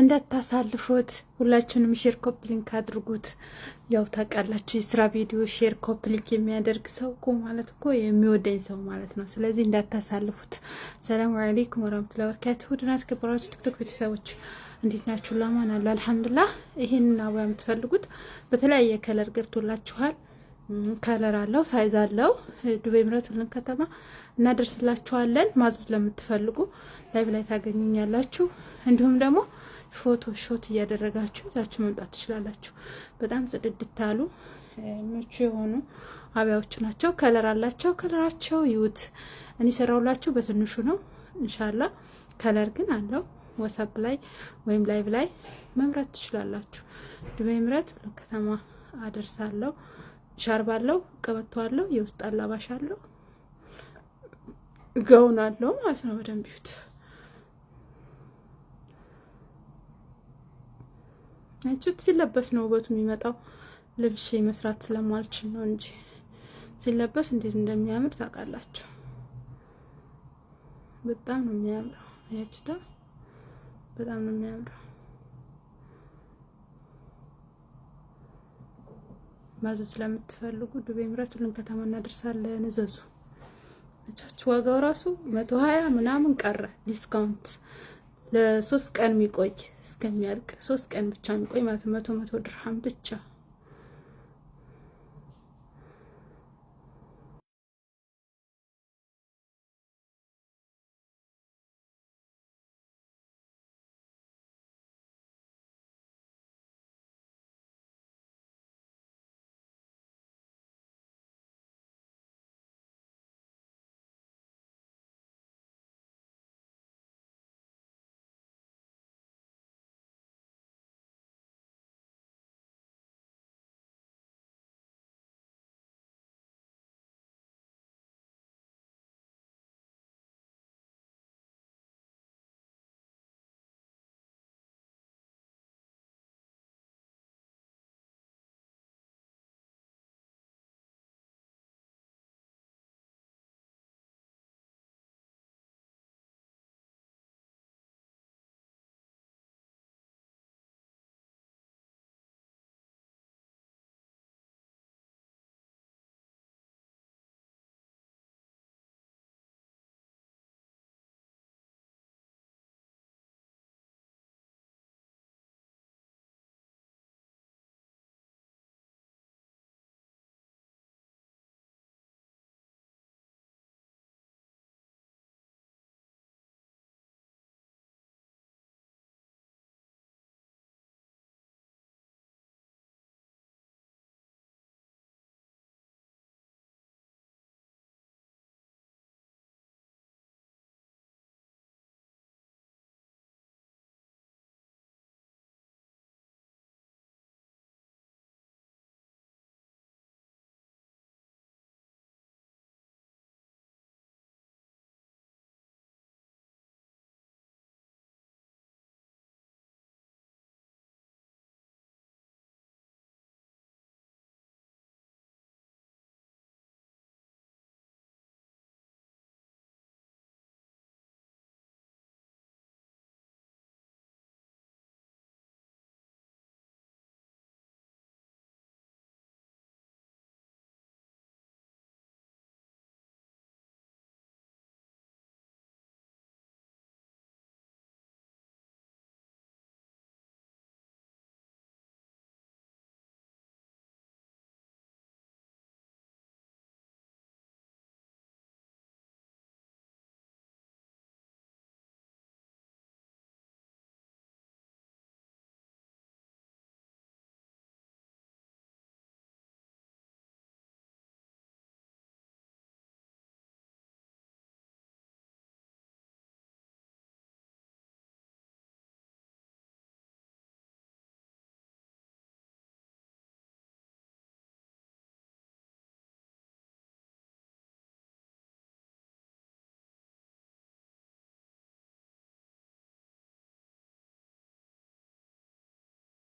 እንዳታሳልፉት። ሁላችንም ሼር ኮፕሊንክ አድርጉት። ያው ታውቃላችሁ የስራ ቪዲዮ ሼር ኮፕሊንክ የሚያደርግ ሰው እኮ ማለት እኮ የሚወደኝ ሰው ማለት ነው። ስለዚህ እንዳታሳልፉት። ሰላም አለይኩም ወረመቱላ ወርካቱ ድናት ክብራዎች ቲክቶክ ቤተሰቦች እንዴት ናችሁ? ላማን አሉ አልሐምዱላህ። ይሄንን አበባ የምትፈልጉት በተለያየ ከለር ገብቶላችኋል። ከለር አለው፣ ሳይዝ አለው። ዱቤ ምረት ሁሉን ከተማ እናደርስላችኋለን። ማዘዝ ለምትፈልጉ ላይቭ ላይ ታገኙኛላችሁ። እንዲሁም ደግሞ ፎቶ ሾት እያደረጋችሁ ይዛችሁ መምጣት ትችላላችሁ። በጣም ጽድድት አሉ ምቹ የሆኑ አብያዎች ናቸው። ከለር አላቸው። ከለራቸው ይዩት። እኔ ሰራውላችሁ በትንሹ ነው። እንሻላ ከለር ግን አለው። ወሳብ ላይ ወይም ላይቭ ላይ መምረት ትችላላችሁ። ዱባይ ምረት ብሎ ከተማ አደርሳለሁ። ሻርብ አለው፣ ቀበቶ አለው፣ የውስጥ አላባሽ አለው፣ ገውን አለው ማለት ነው። በደንብ ይዩት። ያችሁት ሲለበስ ነው ውበቱ የሚመጣው። ልብሼ መስራት ስለማልችል ነው እንጂ ሲለበስ እንዴት እንደሚያምር ታውቃላችሁ። በጣም ነው የሚያምረው። ያችሁታ በጣም ነው የሚያምረው። ማዘዝ ስለምትፈልጉ ዱቤ ምረት ሁሉን ከተማ እናደርሳለን። እዘዙ። ዋጋው ራሱ መቶ ሀያ ምናምን ቀረ ዲስካውንት ለሶስት ቀን የሚቆይ እስከሚያልቅ ሶስት ቀን ብቻ የሚቆይ ማለት መቶ መቶ ድርሃም ብቻ